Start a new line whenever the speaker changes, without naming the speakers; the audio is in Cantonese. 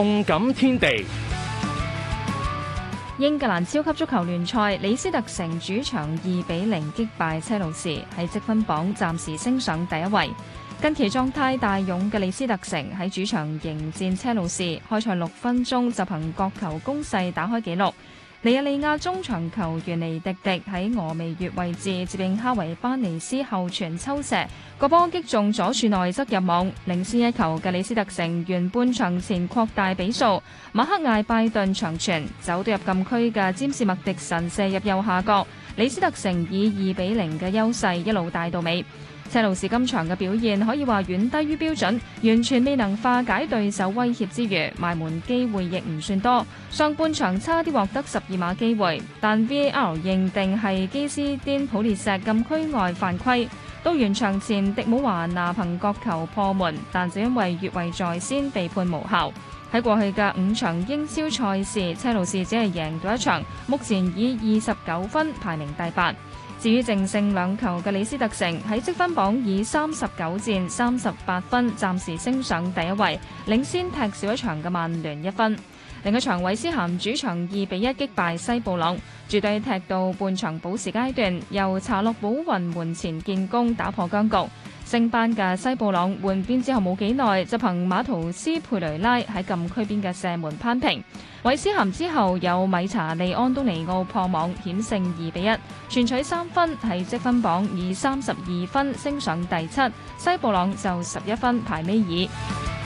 動感天地，英格蘭超級足球聯賽，李斯特城主場二比零擊敗車路士，喺積分榜暫時升上第一位。近期狀態大勇嘅李斯特城喺主場迎戰車路士，開場六分鐘執行角球攻勢打開紀錄。尼日利亞中場球員尼迪迪喺峨眉月位置接應哈維班尼斯後傳，抽射，個波擊中左柱內側入網，領先一球嘅李斯特城原半場前，前擴大比數。馬克艾拜頓長傳走到入禁區嘅占士麥迪臣射入右下角，李斯特城以二比零嘅優勢一路大到尾。車路士今場嘅表現可以話遠低於標準，完全未能化解對手威脅之餘，埋門機會亦唔算多。上半場差啲獲得十二碼機會，但 VAR 認定係基斯甸普列石禁區外犯規。到完場前，迪姆華拿憑角球破門，但就因為越位在先被判無效。喺過去嘅五場英超賽事，車路士只係贏到一場，目前以二十九分排名第八。至於淨勝兩球嘅李斯特城喺積分榜以三十九戰三十八分暫時升上第一位，領先踢少一場嘅曼聯一分。另一場韋斯咸主場二比一擊敗西布朗，絕對踢到半場補時階段，由查洛寶雲門前建功打破僵局。升班嘅西布朗換邊之後冇幾耐，就憑馬圖斯佩雷拉喺禁區邊嘅射門扳平。韋斯咸之後有米查利安東尼奧破網險勝二比一，全取三分喺積分榜以三十二分升上第七，西布朗就十一分排尾二。